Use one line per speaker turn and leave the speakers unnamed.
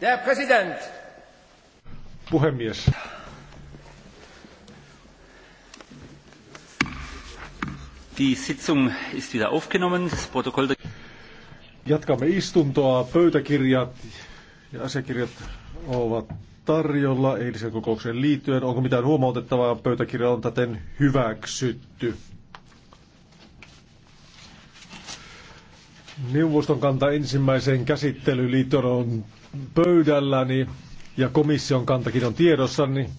Der Präsident.
Puhemies. Die Sitzung ist wieder aufgenommen. Das Protokoll der
Jatkamme istuntoa. Pöytäkirjat ja asiakirjat ovat tarjolla eilisen kokoukseen liittyen. Onko mitään huomautettavaa? Pöytäkirja on täten hyväksytty. Neuvoston kanta ensimmäiseen käsittelyyn liittyen on pöydälläni ja komission kantakin on tiedossani.